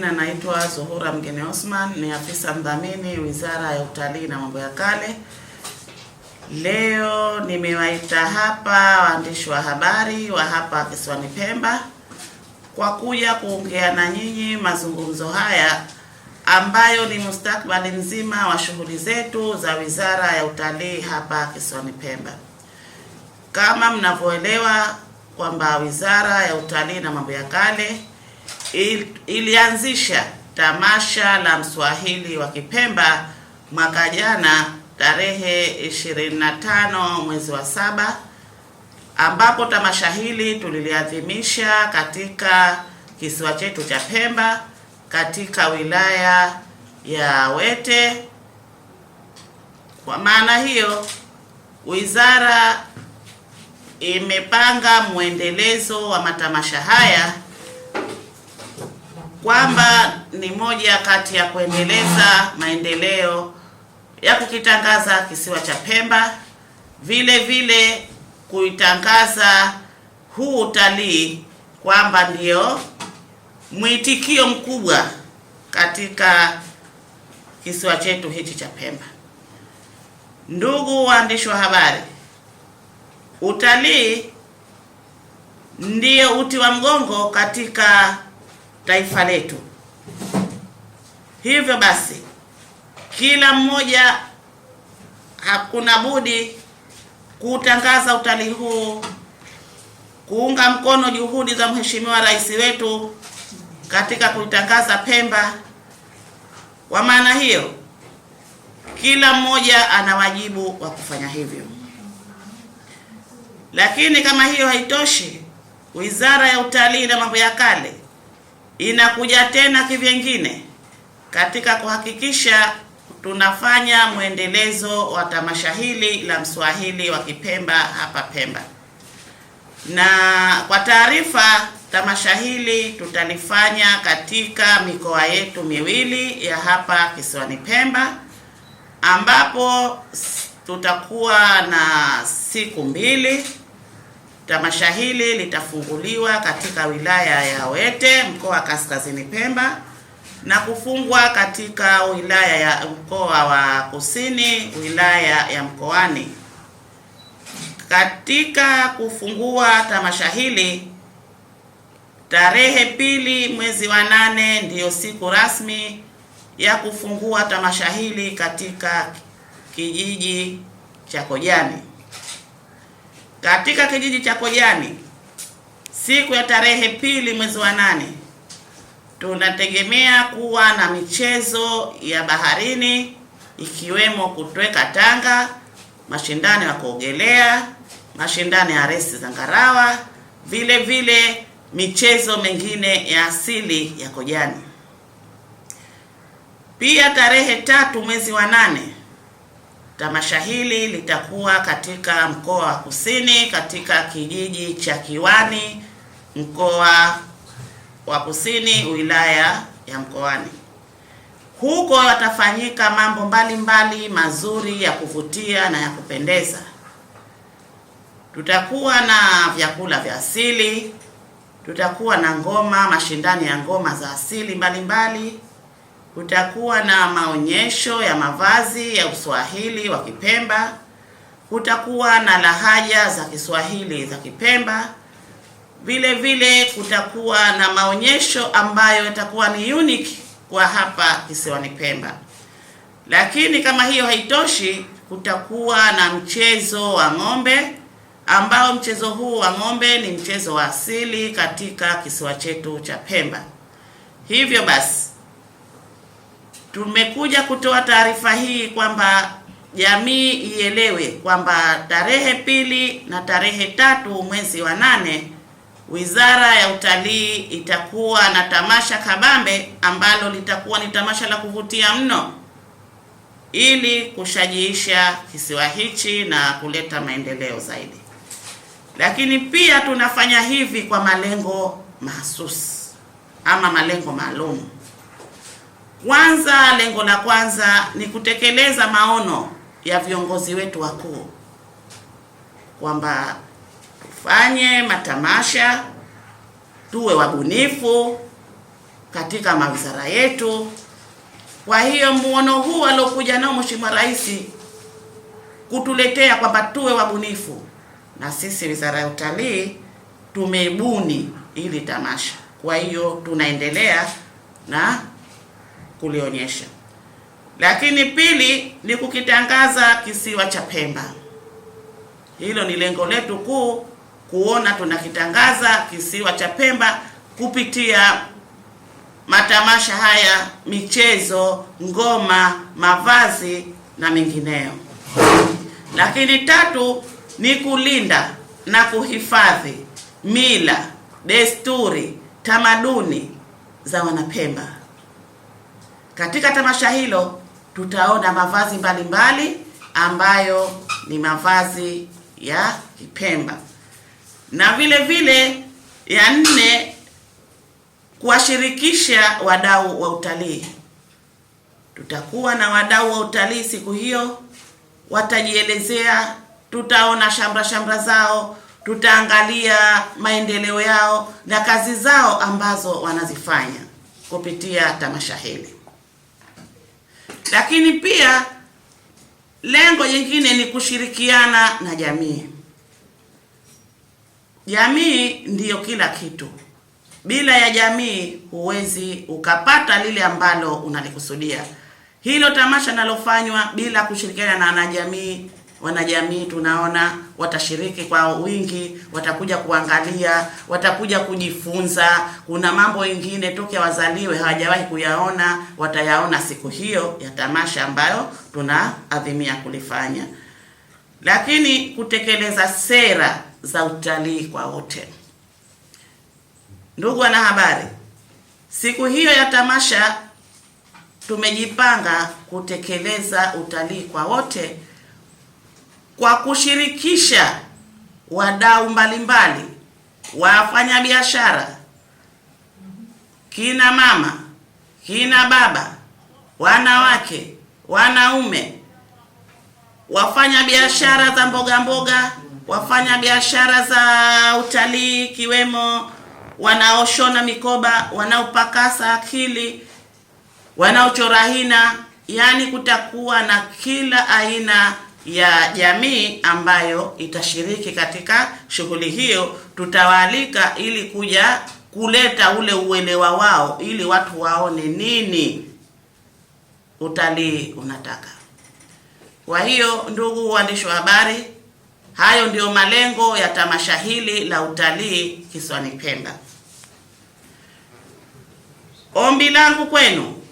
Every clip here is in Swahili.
Naitwa Zuhura Mgeni Osman, ni afisa mdhamini Wizara ya Utalii na Mambo ya Kale. Leo nimewaita hapa waandishi wa habari wa hapa Kisiwani Pemba kwa kuja kuongea na nyinyi mazungumzo haya ambayo ni mustakabali mzima wa shughuli zetu za Wizara ya Utalii hapa Kisiwani Pemba. Kama mnavyoelewa kwamba Wizara ya Utalii na Mambo ya Kale ilianzisha tamasha la Mswahili wa Kipemba mwaka jana tarehe 25 mwezi wa saba, ambapo tamasha hili tuliliadhimisha katika kisiwa chetu cha Pemba katika wilaya ya Wete. Kwa maana hiyo, wizara imepanga mwendelezo wa matamasha haya kwamba ni moja kati ya kuendeleza maendeleo ya kukitangaza kisiwa cha Pemba, vile vile kuitangaza huu utalii kwamba ndio mwitikio mkubwa katika kisiwa chetu hichi cha Pemba. Ndugu waandishi wa habari, utalii ndio uti wa mgongo katika taifa letu. Hivyo basi, kila mmoja hakuna budi kuutangaza utalii huu, kuunga mkono juhudi za Mheshimiwa Rais wetu katika kuitangaza Pemba. Kwa maana hiyo, kila mmoja ana wajibu wa kufanya hivyo. Lakini kama hiyo haitoshi, Wizara ya Utalii na Mambo ya Kale Inakuja tena kivyengine katika kuhakikisha tunafanya mwendelezo wa tamasha hili la Mswahili wa Kipemba hapa Pemba. Na kwa taarifa, tamasha hili tutalifanya katika mikoa yetu miwili ya hapa kisiwani Pemba, ambapo tutakuwa na siku mbili Tamasha hili litafunguliwa katika wilaya ya Wete mkoa wa Kaskazini Pemba na kufungwa katika wilaya ya mkoa wa Kusini wilaya ya Mkoani. Katika kufungua tamasha hili tarehe pili mwezi wa nane ndiyo siku rasmi ya kufungua tamasha hili katika kijiji cha Kojani katika kijiji cha Kojani siku ya tarehe pili mwezi wa nane tunategemea kuwa na michezo ya baharini ikiwemo kutweka tanga, mashindano ya kuogelea, mashindano ya resi za ngarawa, vile vile michezo mengine ya asili ya Kojani. Pia tarehe tatu mwezi wa nane Tamasha hili litakuwa katika mkoa wa Kusini katika kijiji cha Kiwani, mkoa wa Kusini, wilaya ya Mkoani. Huko watafanyika mambo mbalimbali mbali mazuri ya kuvutia na ya kupendeza. Tutakuwa na vyakula vya asili, tutakuwa na ngoma, mashindano ya ngoma za asili mbalimbali mbali kutakuwa na maonyesho ya mavazi ya Uswahili wa Kipemba, kutakuwa na lahaja za Kiswahili za Kipemba. Vile vile kutakuwa na maonyesho ambayo yatakuwa ni unique kwa hapa kisiwani Pemba. Lakini kama hiyo haitoshi, kutakuwa na mchezo wa ng'ombe ambao mchezo huu wa ng'ombe ni mchezo wa asili katika kisiwa chetu cha Pemba. Hivyo basi Tumekuja kutoa taarifa hii kwamba jamii ielewe kwamba tarehe pili na tarehe tatu mwezi wa nane Wizara ya Utalii itakuwa na tamasha kabambe ambalo litakuwa ni tamasha la kuvutia mno ili kushajiisha kisiwa hichi na kuleta maendeleo zaidi. Lakini pia tunafanya hivi kwa malengo mahsusi ama malengo maalum. Kwanza, lengo la kwanza ni kutekeleza maono ya viongozi wetu wakuu kwamba tufanye matamasha, tuwe wabunifu katika mawizara yetu. Kwa hiyo muono huu aliokuja nao Mheshimiwa Rais kutuletea kwamba tuwe wabunifu, na sisi Wizara ya Utalii tumeibuni ili tamasha. Kwa hiyo tunaendelea na kulionyesha. Lakini pili ni kukitangaza kisiwa cha Pemba. Hilo ni lengo letu kuu, kuona tunakitangaza kisiwa cha Pemba kupitia matamasha haya, michezo, ngoma, mavazi na mengineyo. Lakini tatu ni kulinda na kuhifadhi mila, desturi, tamaduni za Wanapemba. Katika tamasha hilo tutaona mavazi mbalimbali mbali, ambayo ni mavazi ya Kipemba na vile vile ya nne, kuwashirikisha wadau wa utalii. Tutakuwa na wadau wa utalii siku hiyo, watajielezea, tutaona shamra shamra zao, tutaangalia maendeleo yao na kazi zao ambazo wanazifanya kupitia tamasha hili. Lakini pia lengo jingine ni kushirikiana na jamii. Jamii ndiyo kila kitu. Bila ya jamii huwezi ukapata lile ambalo unalikusudia. Hilo tamasha linalofanywa bila kushirikiana na wanajamii wanajamii tunaona watashiriki kwa wingi, watakuja kuangalia, watakuja kujifunza. Kuna mambo mengine toke wazaliwe hawajawahi kuyaona, watayaona siku hiyo ya tamasha ambayo tunaadhimia kulifanya. Lakini kutekeleza sera za utalii kwa wote, ndugu wanahabari, siku hiyo ya tamasha tumejipanga kutekeleza utalii kwa wote kwa kushirikisha wadau mbalimbali, wafanyabiashara, kina mama, kina baba, wanawake, wanaume, wafanya biashara za mboga mboga, wafanya biashara za utalii, ikiwemo wanaoshona mikoba, wanaopakasa akili, wanaochora hina, yaani kutakuwa na kila aina ya jamii ambayo itashiriki katika shughuli hiyo, tutawaalika ili kuja kuleta ule uelewa wao, ili watu waone nini utalii unataka. Kwa hiyo, ndugu waandishi wa habari, hayo ndiyo malengo ya tamasha hili la utalii kisiwani Pemba. Ombi langu kwenu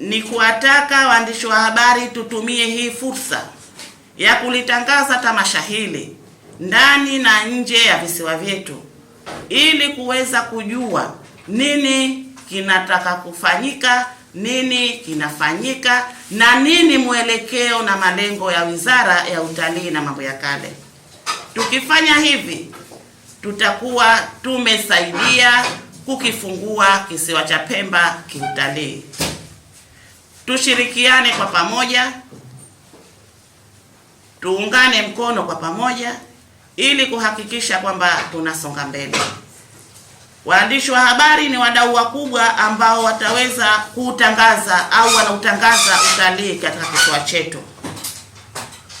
ni kuwataka waandishi wa habari tutumie hii fursa ya kulitangaza tamasha hili ndani na nje ya visiwa vyetu ili kuweza kujua nini kinataka kufanyika, nini kinafanyika na nini mwelekeo na malengo ya Wizara ya Utalii na Mambo ya Kale. Tukifanya hivi, tutakuwa tumesaidia kukifungua kisiwa cha Pemba kiutalii. Tushirikiane kwa pamoja tuungane mkono kwa pamoja ili kuhakikisha kwamba tunasonga mbele. Waandishi wa habari ni wadau wakubwa ambao wataweza kuutangaza au wanautangaza utalii katika kisiwa chetu.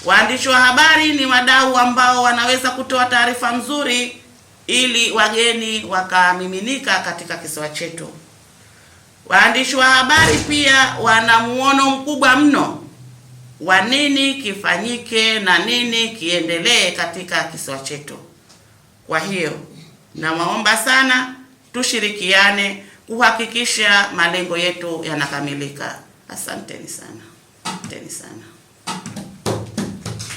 Waandishi wa habari ni wadau ambao wanaweza kutoa taarifa nzuri ili wageni wakamiminika katika kisiwa chetu. Waandishi wa habari pia wana muono mkubwa mno wa nini kifanyike na nini kiendelee katika kisiwa chetu. Kwa hiyo nawaomba sana tushirikiane kuhakikisha malengo yetu yanakamilika. Asanteni sana, asanteni sana.